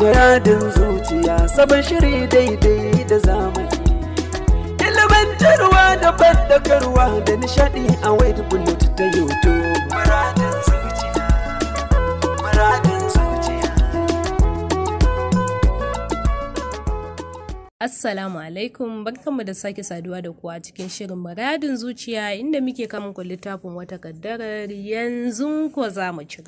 Muradin zuciya sabon shiri daidai da zamani. Ilimantarwa da bandakarwa da nishadi a wade ta YouTube. Muradin zuciya, muradin zuciya. Assalamu alaikum, barkanmu da sake saduwa da kuwa cikin shirin muradin zuciya inda muke kamun littafin wata kaddarar yanzu ko za mu ci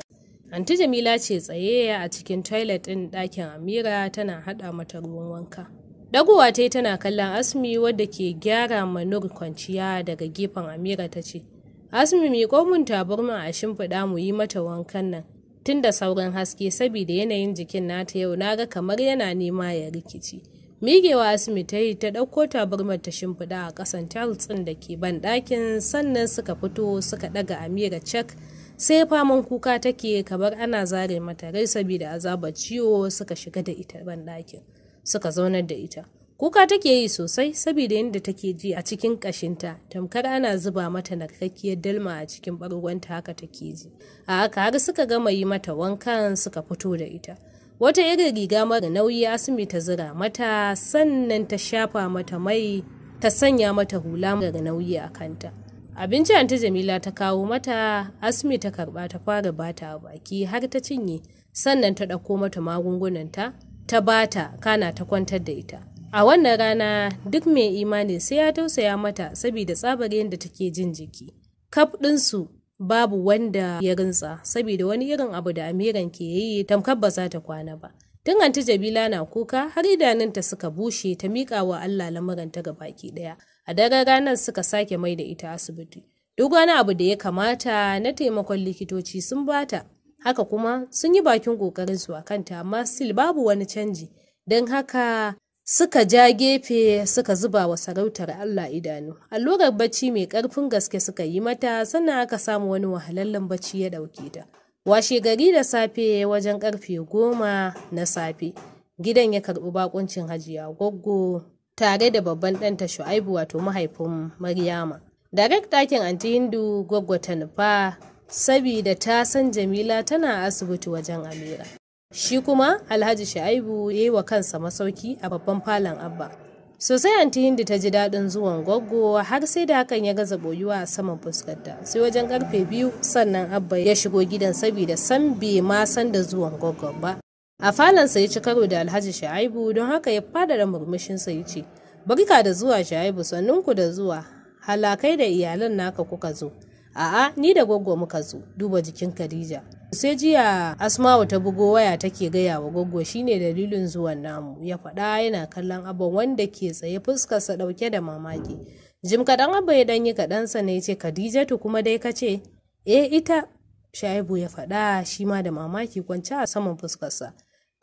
anti jamila ce tsaye a cikin toilet ɗin ɗakin amira tana haɗa mata ruwan wanka dagowa ta tana kallon asmi wadda ke gyara manur kwanciya daga gefen amira ta ce asmi miƙo mun taburma a shimfiɗa mu yi mata wankan nan tun da sauran haske saboda yanayin jikin nata yau na ga kamar yana nema ya rikici migewa asmi ta yi ta ɗauko taburmar ta shimfiɗa a ƙasan tiles ɗin da ke ban ɗakin sannan suka fito suka ɗaga amira cek sai faman kuka take kamar ana zare mata rai saboda azaba ciwo suka shiga da ita banɗakin suka zaunar da ita kuka take yi sosai saboda yadda take ji a cikin kashinta tamkar ana zuba mata narkakkiyar dalma a cikin barugwanta haka take ji a haka har suka gama yi mata wankan suka fito da ita wata irin riga mara nauyi asimi ta zira mata sannan ta shafa mata mai ta sanya mata hula mara nauyi a kanta abinci anti jamila ta kawo mata asmi ta karba ta fara bata a baki har ta cinye sannan ta ɗauko mata magungunanta ta bata kana ta kwantar da ita a wannan rana duk mai imani sai ya tausaya mata saboda tsabar yadda take jin jiki kaf ɗinsu babu wanda ya rintsa saboda wani irin abu da amiran ke yi tamkar ba za ta kwana ba tun anti jabila na kuka har idanunta suka bushe ta miƙa wa allah lamuranta ga baki ɗaya a daren ranar suka sake mai da ita asibiti duk wani abu da ya kamata na taimakon likitoci sun bata haka kuma sun yi bakin kokarin su kanta amma sil babu wani canji don haka suka ja gefe suka zuba wa sarautar Allah idanu allurar bacci mai karfin gaske suka yi mata sannan aka samu wani wahalallen bacci ya dauke ta washe gari da safe wajen karfe goma na safe gidan ya karɓi bakuncin hajiya goggo tare da babban ɗanta Shu'aibu wato mahaifin Maryama. Direct ɗakin Anti Hindu ta nufa sabida ta san Jamila tana asibiti wajen Amira. Shi kuma Alhaji Shu'aibu ya yi wa kansa masauki a babban falon Abba. Sosai Anti Hindu ta ji daɗin zuwan gwaggo har sai da hakan ya gaza boyuwa a saman fuskarta. Sai wajen karfe biyu sannan Abba ya shigo gidan sabida san bai ma san da zuwan gwaggon ba. a falon ya ci karo da alhaji shaibu don haka ya fada da murmushinsa ya ce barka da zuwa shaibu sannunku da zuwa halakai da iyalan naka kuka zo a'a ni da gwaggo muka zo duba jikin khadija sai jiya asma'u ta bugo waya take gaya wa gwaggo shine dalilin zuwan namu ya faɗa yana kallon abin wanda ke tsaye fuskarsa ɗauke da mamaki jim kaɗan abba ya ɗanyi kaɗansa ne ya ce khadijatu kuma dai ka ce eh ita shaibu ya faɗa shi ma da mamaki kwance a saman fuskarsa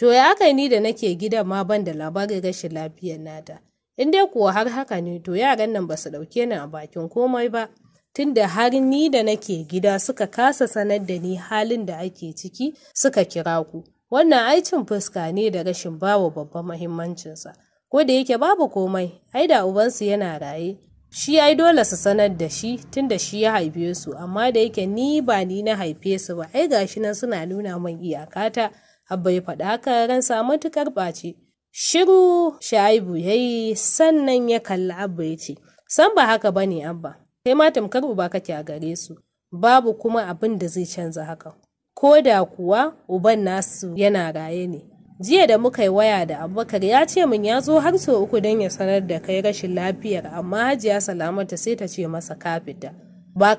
To ya aka ni da nake gidan ma ban da labarin rashin lafiyar nata. In dai kuwa har haka ne to yaran nan ba su ɗauke ni a bakin komai ba. Tunda har ni da nake gida suka kasa sanar da ni halin da ake ciki suka kira ku. Wannan aicin fuska ne da rashin bawa babban mahimmancinsa. Ko da yake babu komai, ai da ubansu yana raye. Shi ai dole su sanar da shi tunda shi ya haife su, amma da yake ni ba ni na haife su ba, ai gashi nan suna nuna min iyakata. Abba ya faɗa haka ransa matuƙar ɓaci. Shiru Sha'ibu ya yi sannan ya kalli Abba ya ce, San ba haka ba ne Abba, kai ma tamkar uba kake a gare su, babu kuma abin da zai canza haka. Ko da kuwa uban nasu yana raye ne. Jiya da muka yi waya da Abubakar ya ce min ya zo har sau uku don ya sanar da kai rashin lafiyar amma Hajiya Salamata sai ta ce masa kafita.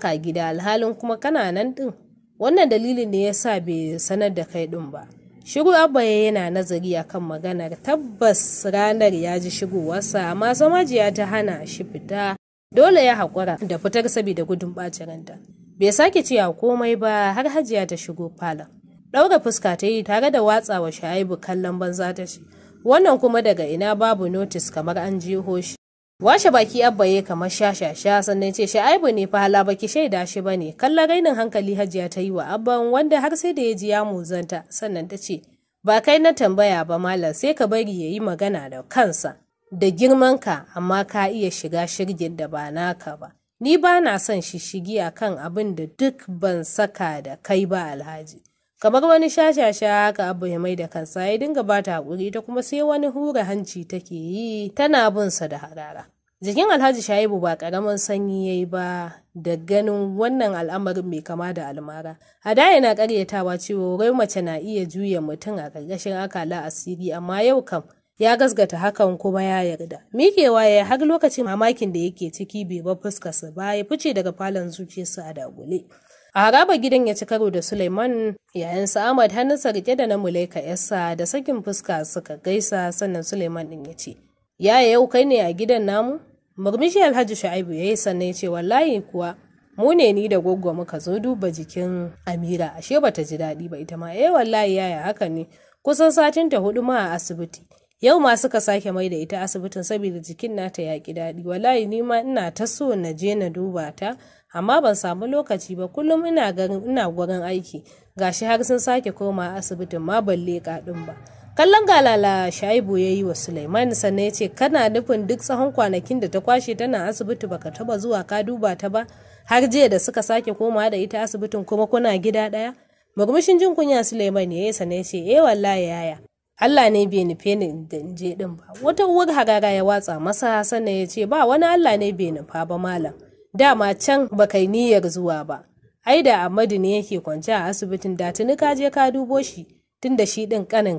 ka gida alhalin kuma kana nan din? Wannan dalilin ne ya sa bai sanar da kai din ba. Shiru Abba yana nazari akan kan maganar tabbas ranar ya ji shigowarsa amma samajiya ta hana shi fita dole ya haƙura da fitar saboda gudun ɓacin ranta. Bai sake cewa komai ba har hajiya ta shigo falon. Ɗaura fuska ta yi tare da watsawa sha'ibu kallon banza ta shi. wannan kuma daga ina babu notis kamar an jiho shi. washe baki abba ya kamar shashasha sannan ce shi aibu ne fa hala baki shaida shi ba ne kalla gainin hankali hajiya ta yi wa abban wanda har sai da ya ji ya muzanta sannan ta ce ba kai na tambaya ba malam sai ka bari ya yi magana da kansa da girmanka amma ka iya shiga shirgin da ba naka ba ni ba na son shishigi a kan abin da duk ban saka da kai ba alhaji kamar wani shashasha haka abu ya mai da kansa ya dinga ba ta haƙuri ta kuma sai wani hura hanci take yi tana bin sa da harara jikin alhaji shaibu ba karamin sanyi ya yi ba da ganin wannan al'amarin mai kama da almara hada yana karyatawa cewa rai mace na iya juya mutum a ƙarƙashin akala asiri amma yau kam ya gasgata hakan kuma ya yarda mikewa ya har lokacin mamakin da yake ciki bai fuska fuskarsa ba ya fice daga falon zuciyarsa a dagule A haraba gidan ya ci karo da Suleiman yayin sa Ahmad hannunsa rike da na Mulaika yarsa da sakin fuska suka gaisa sannan Suleiman din ya ce, Ya yau kai ne a gidan namu? Murmushi Alhaji Shu'aibu ya yi sannan ya ce wallahi kuwa mu ne ni da goggo muka zo duba jikin Amira ashe bata ji daɗi ba ita ma eh wallahi yaya haka ne kusan satin ta hudu ma a asibiti yau ma suka sake mai da ita asibitin saboda jikin nata ya ki daɗi wallahi ni ma ina ta so na je na duba ta amma ban samu lokaci ba kullum ina garin ina gurin aiki gashi har sun sake koma asibitin ma ban balle din ba kallon galala shaibu ya yi wa suleiman sannan ya ce kana nufin duk tsawon kwanakin da ta kwashe tana asibiti baka taba zuwa ka duba ta ba har jiya da suka sake koma da ita asibitin kuma kuna gida ɗaya murmushin jin kunya suleiman ya yi sannan ya ce eh wallahi yaya Allah ne bai nufe ni da in je din ba wata uwar harara ya watsa masa sannan ya ce ba wani Allah ne bai nufa ba malam dama can bakai niyyar zuwa ba ai da amadu ne yake kwance a asibitin da tuni ka je ka dubo shi tunda shi din ka ne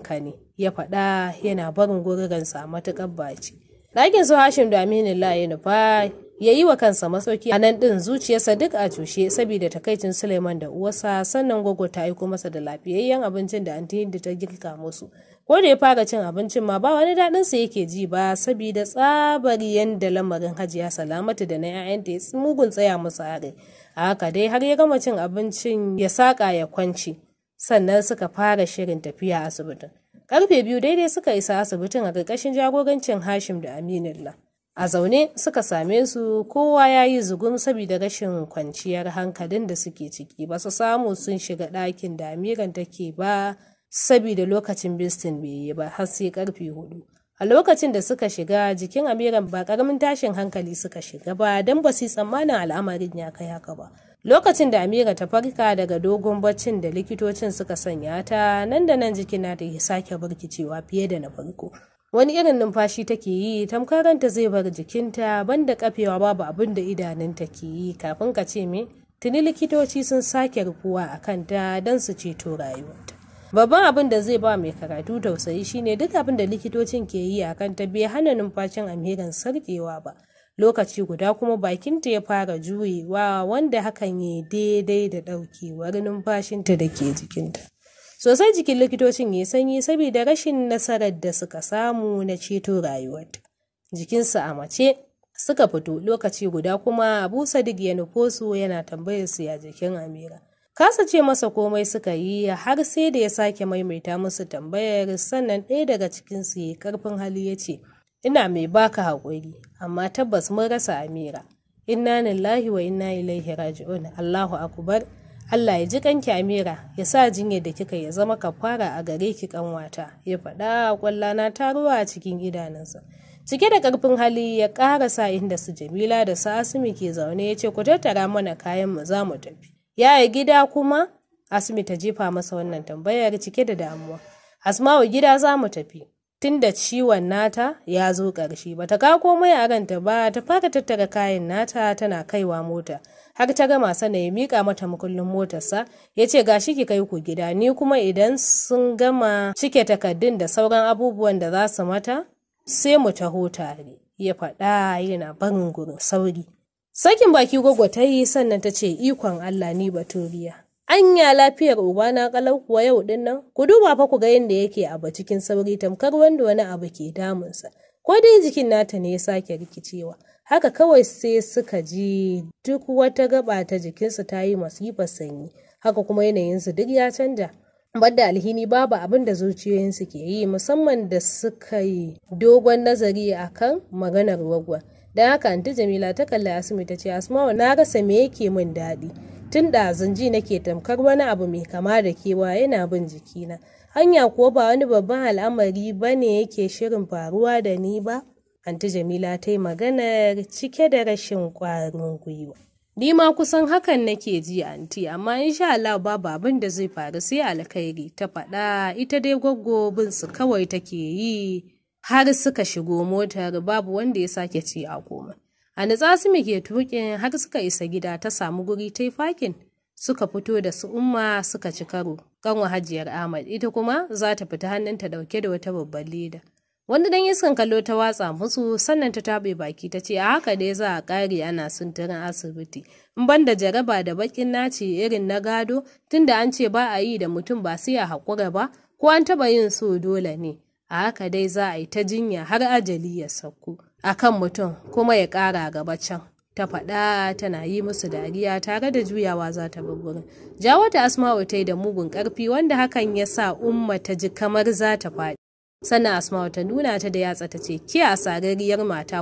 ya faɗa yana barin sa matuƙar baci ɗakin su hashim da aminu layi nufa ya yi wa kansa masauki a nan ɗin zuciyarsa duk a cushe saboda takaicin suleiman da uwarsa sannan gwaggo ta aiko masa da lafiyayyen abincin da antihindu ta girka musu ko da ya fara cin abincin ma ba wani daɗin sa yake ji ba saboda tsabari yadda lamarin hajiya salamatu da na 'ya'yanta ya mugun tsaya musu are a haka dai har ya gama cin abincin ya saƙa ya kwanci sannan suka fara shirin tafiya asibitin karfe biyu daidai suka isa asibitin a ƙarƙashin jagorancin hashim da aminullah a zaune suka same su kowa ya yi zugun saboda rashin kwanciyar hankalin da suke ciki ba su samu sun shiga ɗakin da amiran take ba sabida lokacin bistin bai yi ba har sai karfe hudu a lokacin da suka shiga jikin amiran ba karamin tashin hankali suka shiga ba don ba su tsammanin al'amarin ya kai haka ba lokacin da amira ta farka daga dogon baccin da likitocin suka sanya ta nan da nan na ta yi sake barkicewa fiye da na farko wani irin numfashi take yi tamkaranta zai bar jikinta banda kafewa babu abin da idanunta ke yi kafin ka ce me tuni likitoci sun sake rufuwa a kanta don su ceto rayuwarta babban abin da zai ba mai karatu tausayi shine duk abin da likitocin ke yi akan ta bai hana numfashin amiran sarkewa ba lokaci guda kuma bakinta ya fara juyewa wanda hakan ya daidai da ɗaukewar numfashinta da ke jikinta sosai jikin likitocin ya sanyi saboda rashin nasarar da suka samu na ceto rayuwarta jikinsa a mace suka fito lokaci guda kuma abu sadiq ya nufo su yana tambayar su ya jikin amira kasa ce masa komai suka yi har sai da ya sake maimaita musu tambayar sannan ɗaya daga cikinsu ya karfin hali ya ce ina mai baka haƙuri amma tabbas mun rasa amira inna lillahi wa inna ilaihi raji'un allahu akbar allah ya ji kanki amira ya sa jinya da kika ya zama kafara a gare ki kanwata ya faɗa kwalla ta ruwa a cikin idanunsa cike da karfin hali ya ƙara sa inda su jamila da su asimi ke zaune ya ce ku tattara mana kayan mu za mu tafi yaya gida kuma asmi ta jefa masa wannan tambayar cike da damuwa asma'u gida za mu tafi Tunda ciwon nata ya zo ƙarshe ba ta kako komai a ranta ba ta fara tattara kayan nata tana kaiwa mota har ta gama sana ya mika mata makullin motarsa ya ce gashi ki kai ku gida ni kuma idan sun gama cike takardun da sauran abubuwan da za su mata sai mu taho tare ya faɗa yana barin gurin sauri Sakin baki gwagwa ta yi sannan ta ce ikon Allah ni baturiya. Anya lafiyar ubana kalau kuwa yau din nan, ku duba fa ku ga yadda yake abu cikin sauri tamkar wanda wani abu ke damunsa. Ko dai jikin nata ne ya sake rikicewa. Haka kawai sai suka ji duk wata gaba ta jikinsu ta yi masifar sanyi, haka kuma yanayin su duk ya canja. Banda alhini babu abin da zuciyoyinsu ke yi musamman da suka yi dogon nazari akan maganar wagwan. don haka anti jamila ta kalli Asumi ta ce asmawa na rasa me yake min daɗi tun ɗazun ji nake tamkar wani abu mai kama da kewa yana bin jikina hanya kuwa ba wani babban al'amari ba ne yake shirin faruwa da ni ba anti jamila ta yi maganar cike da rashin ƙwarin gwiwa ni ma kusan hakan nake ji anti amma insha Allah babu abin da zai faru sai alkhairi ta faɗa ita dai gwaggo bin su kawai take yi har suka shigo motar babu wanda ya sake ci a koma. A natsa su ke tukin har suka isa gida ta samu guri ta fakin suka fito da su umma suka ci karo. Kanwa hajiyar Ahmad ita kuma za ta fita hannunta dauke da wata babbar leda. Wani dan iskan kallo ta watsa musu sannan ta tabe baki ta ce a haka dai za a kare ana sunturin asibiti. In ban da jaraba da bakin naci irin na gado tunda an ce ba a yi da mutum ba sai a haƙura ba ko an taɓa yin so dole ne. a haka dai za a yi ta jinya har ajali ya sauko a kan mutum kuma ya ƙara gaba can ta faɗa tana yi musu dariya tare da juyawa za ta bi gurin jawo ta asma'u ta yi da mugun ƙarfi wanda hakan ya sa umma ta ji kamar za ta faɗi sannan asma'u ta nuna ta da yatsa ta ce ki a sarariyar mata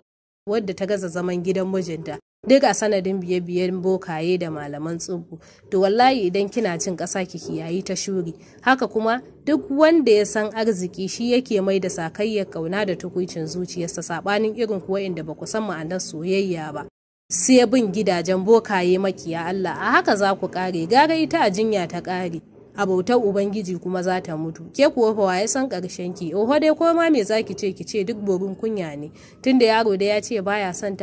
wadda ta gaza zaman gidan mijinta duk a sanadin biye-biyen bokaye da malaman tsubu to wallahi idan kina cin ƙasa ki kiyayi ta shuri haka kuma duk wanda ya san arziki shi yake mai da sakayyar kauna da tukuncin zuciyarsa sabanin irin kuwa inda ba ku san ma'anar soyayya ba sai bin gidajen bokaye makiya Allah a haka za ku kare gara ita a jinya ta kare a bautar ubangiji kuma za ta mutu ke kuwa fawa waye san karshen ki oho dai ko ma me zaki ce ki ce duk borin kunya ne tunda yaro da ya ce baya son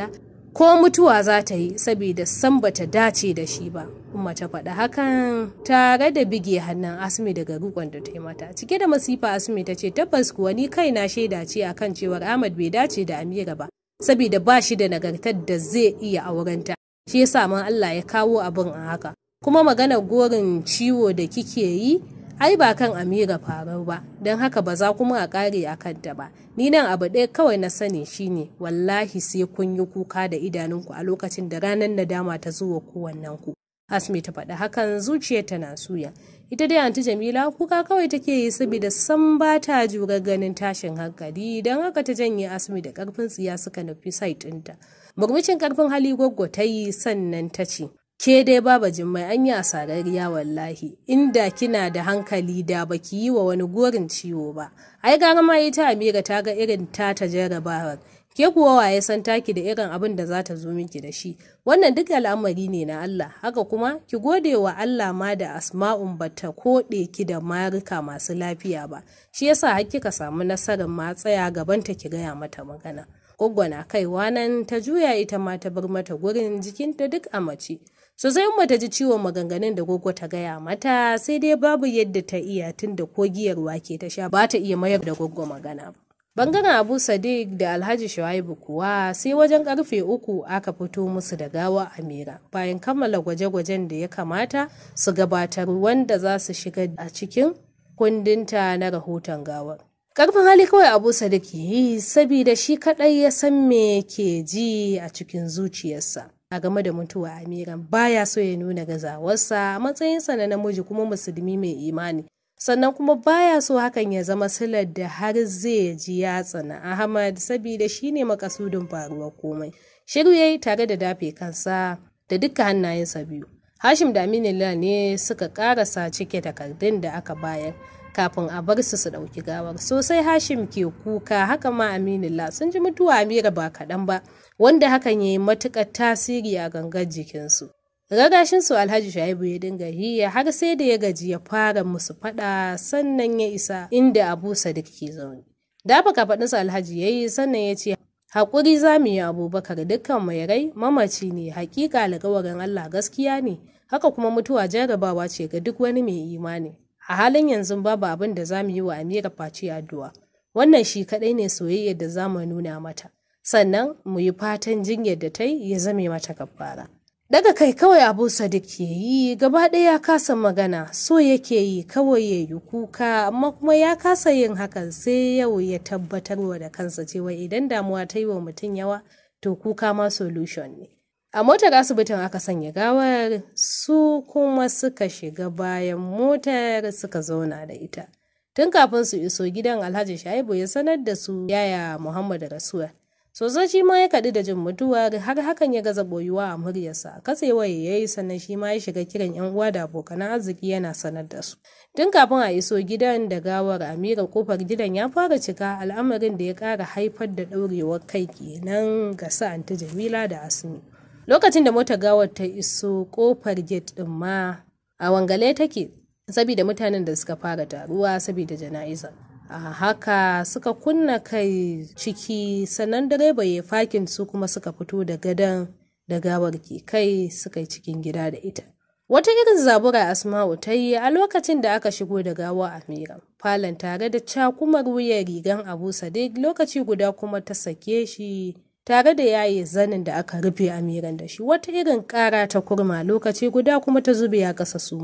ko mutuwa za ta yi saboda san bata dace da shi ba umma ta faɗa hakan tare da bige hannun asmi daga rukon da ta yi mata cike da masifa asmi ta ce tabbas kuwa ni na shaida ce a kan cewar ahmad bai dace da amira ba saboda ba shi da nagartar da zai iya aurenta shi yasa man allah ya kawo abin a haka kuma maganar gorin ciwo da kike yi ai ba kan amira farau ba don haka ba za kuma a ƙare a kanta ba ni nan abu ɗaya kawai na sani shine wallahi sai kun yi kuka da idanunku a lokacin da ranar nadama ta zuwa kowannen ku asmi ta faɗi hakan zuciyarta na suya ita dai anti jamila kuka kawai take yi saboda san ba ta jura ganin tashin hankali don haka ta janye asmi da ƙarfin tsiya suka nufi sai ɗinta murmushin ƙarfin hali gwaggwa ta yi sannan ta ce Ke dai Baba jimmai an yi asarariya wallahi, inda kina da hankali da baki yi wa wani gorin ciwo ba. Ai gara ma ita Amira ta ga irin ta ta jarrabawar. Ke kuwa waye san taki da irin abin da za ta zo miki da shi. Wannan duk al'amari ne na Allah, haka kuma ki gode wa Allah ma da asma'un ba ta koɗe ki da marika masu lafiya ba. Shi yasa har kika samu nasarar ma tsaya gabanta ki gaya mata magana. Gwaggwana kaiwa nan ta juya ita ma ta bar mata gurin jikinta duk a mace. Sosai Umma ta ji ciwon maganganun da Goggo ta gaya mata sai dai babu yadda ta iya tun da kogiyar wake ta sha ba ta iya mayar da Goggo magana Bangaren Abu Sadiq da Alhaji Shuaibu kuwa sai wajen karfe uku aka fito musu da gawa Amira bayan kammala gwaje-gwajen da ya kamata su gabatar wanda za su shiga a cikin kundinta na rahoton gawar. Karfin hali kawai Abu Sadiq yi sabida shi kaɗai ya san me ke ji a cikin zuciyarsa. a game da mutuwa amiran baya so ya nuna gazawarsa a matsayinsa na namiji kuma musulmi mai imani sannan kuma baya so hakan ya zama silar da har zai ji ya tsana ahmad saboda shine makasudin faruwar komai shiru yayi tare da dafe kansa da duka hannayensa biyu hashim da aminu ne suka karasa cike takardun da aka bayar kafin a bar su su ɗauki gawar sosai hashim ke kuka haka ma la sun ji mutuwa amira ba kaɗan ba wanda hakan ya yi matuƙar tasiri a gangar jikinsu ragashin su alhaji shaibu ya dinga hiya har sai da ya gaji ya fara musu faɗa sannan ya isa inda abu sadiq ke zaune dafa su alhaji ya yi sannan ya ce haƙuri za mu yi abubakar dukkan mai rai mamaci ne haƙiƙa alƙawarin allah gaskiya ne haka kuma mutuwa jarabawa ce ga duk wani mai imani a halin yanzu babu abin da za mu yi wa amira face addu'a wannan shi kaɗai ne soyayyar da za mu nuna mata sannan mu yi fatan jinyar da ta yi ya zame mata gabbara. daga kai kawai abu sadiq ke yi gaba ɗaya ya kasa magana so yake yi kawai ya yi kuka amma kuma ya kasa yin hakan sai yau ya tabbatarwa da kansa cewa idan damuwa ta yi wa mutum yawa to kuka ma solution ne a motar asibitin aka sanya gawar su kuma suka shiga bayan motar suka zauna da ita tun kafin su iso gidan alhaji shaibu ya sanar da su yaya muhammad rasuwa sosai shi ma ya kaɗu da jin mutuwar har hakan ya gaza boyuwa a muryarsa katsewaye ya yi sannan shi ma ya shiga kiran yan uwa da abokan arziki yana sanar da su tun kafin a iso gidan da gawar amira kofar gidan ya fara cika al'amarin da ya ƙara haifar da ɗaurewar kai kenan ga sa anti jamila da asmi lokacin da motar gawar ta iso kofar gate din ma a wangale take saboda mutanen da suka fara taruwa saboda jana'iza a haka suka kunna kai ciki sannan direba ya fakin su kuma suka fito da gadon da gawar ke kai suka yi cikin gida da ita Wata irin zabura Asma'u ta yi a lokacin da aka shigo da gawa Amira. Falon tare da cakumar wuyan rigan Abu Sadiq lokaci guda kuma ta sake shi tare da yaye zanin da aka rufe amiran da shi wata irin kara ta kurma lokaci guda kuma ta zube ya ƙasa su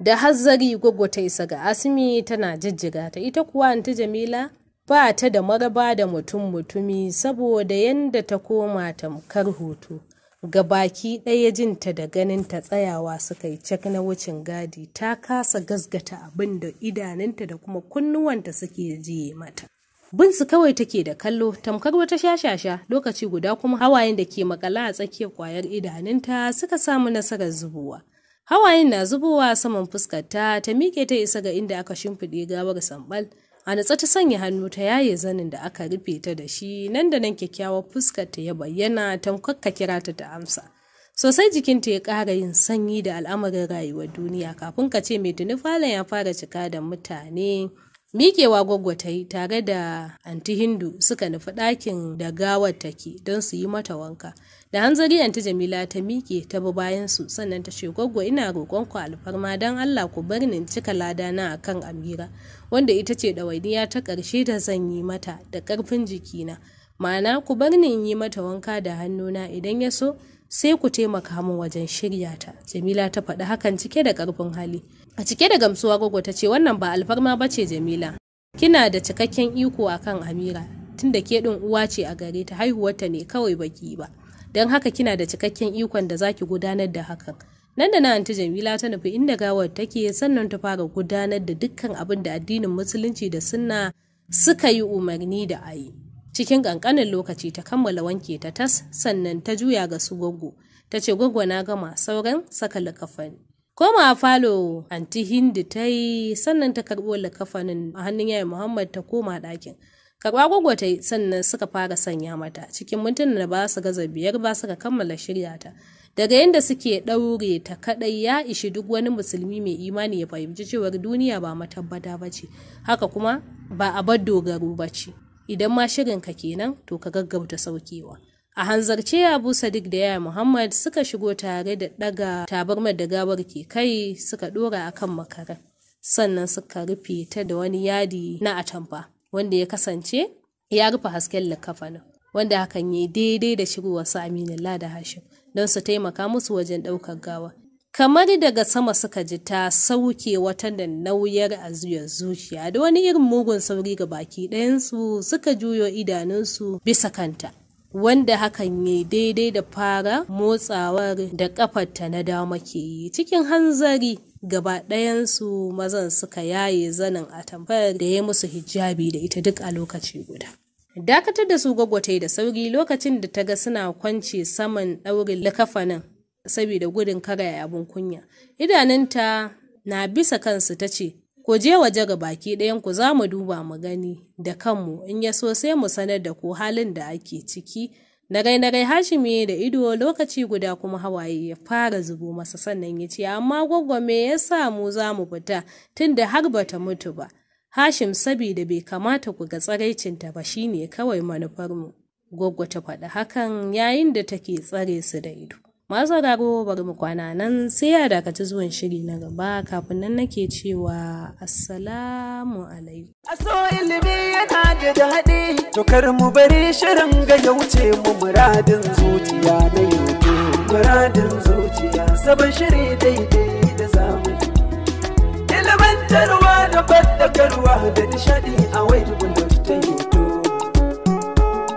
da hazzari gwaggo ta isa ga asimi tana jijjiga ta ita kuwa anti jamila ba ta da maraba da mutum mutumi saboda yanda ta koma tamkar hoto ga baki ɗaya jinta da ganin ta tsayawa suka yi cak na wucin gadi ta kasa gasgata abinda da idanunta da kuma kunnuwanta suke jiye mata binsu kawai take da kallo tamkar wata shashasha lokaci guda kuma hawayen da ke makala a tsakiyar kwayar idanunta suka samu nasarar zubowa hawayen na zubowa saman fuskarta ta miƙe ta isa ga inda aka shimfiɗe gawar sambal a natsa ta sanya hannu ta yaye zanin da aka rufe ta da shi nan da nan kyakkyawar fuskar ta ya bayyana tamkar ka kira ta ta amsa sosai jikinta ya ƙara yin sanyi da al'amarin rayuwar duniya kafin ka ce mai tuni falon ya fara cika da mutane Mikewa gwaggwa ta yi tare da anti Hindu suka nufi ɗakin da gawar take don su yi mata wanka. Da hanzari anti Jamila ta miƙe ta bi bayan su sannan ta ce gwaggwa ina roƙon ku alfarma don Allah ku bar ni cika lada na akan Amira wanda ita ce ɗawainiya ta ƙarshe da zan yi mata da ƙarfin jikina. Ma'ana ku bar ni yi mata wanka da hannuna idan ya so sai ku taimaka min wajen shirya ta jamila ta faɗi hakan cike da ƙarfin hali a cike da gamsuwa gogo ta ce wannan ba alfarma ba ce jamila kina da cikakken iko akan amira tunda ke ɗin uwa ce a gare ta haihuwarta ne kawai baki ba don haka kina da cikakken ikon da zaki gudanar da hakan nan da na ta jamila ta nufi inda gawar take sannan ta fara gudanar da dukkan abin da addinin musulunci da sunna suka yi umarni da ayi. Cikin ƙanƙanin lokaci ta kammala wanke ta tas sannan ta juya ga su gwaggo. Ta ce gwaggo na gama sauran saka likafani. Koma falo anti hindi ta yi sannan ta karɓo likafanin a hannun yayin Muhammad ta koma ɗakin. Karɓa gwaggo ta yi sannan suka fara sanya mata cikin mintuna da ba su gaza biyar ba suka kammala shirya ta. daga yadda suke ɗaure ta kaɗai ya ishi duk wani musulmi mai imani ya fahimci cewar duniya ba matabbata ba ce haka kuma ba a bar dogaro ba ce idan ma shirinka kenan to ka gaggauta saukewa a hanzarce abu sadiq da yaya muhammad suka shigo tare da daga tabarmar da gawar ke kai suka dora akan makaran sannan suka rufe ta da wani yadi na atamfa wanda ya kasance ya rufe hasken likafanin wanda hakan ya daidai da su aminu da hashim don su taimaka musu wajen ɗaukar gawar. kamar daga sama suka ji ta sauke wata da nauyar azuyar zuciya da wani irin mugun sauri ga baki ɗayansu suka juyo idanunsu bisa kanta wanda hakan yi daidai da fara motsawar da ƙafarta na dama ke yi cikin hanzari gaba ɗayansu mazan suka yaye zanin atamfar da ya musu hijabi da ita duk a lokaci guda dakatar da su gwagwata da sauri lokacin da ta ga suna kwance saman ɗaurin likafanin saboda gudun karaya abin kunya. Idanunta na bisa kansu ta ce, Ku je waje ga baki ɗayan ku za mu duba mu gani da kanmu in ya so sai mu sanar da ku halin da ake ciki. Narai-narai Hashimi da ido lokaci guda kuma hawaye ya fara zubo masa sannan ya ce, Amma gwaggwa me ya sa mu za mu fita tun da har bata mutu ba. Hashim sabida bai kamata ku ga tsaraicinta ba shine kawai manufarmu. Gwaggwa ta faɗi hakan yayin da take tsare su da ido. masu dago bari mu kwana nan sai ya dakaci zuwan shiri na gaba kafin nan nake cewa assalamu alaikum aso ilimi yana da daɗi to kar mu bari shirin ga ya wuce mu muradin zuciya na yanzu muradin zuciya sabon shiri daidai da zamani ilimantarwa da fadakarwa da nishaɗi a wai ta yi to.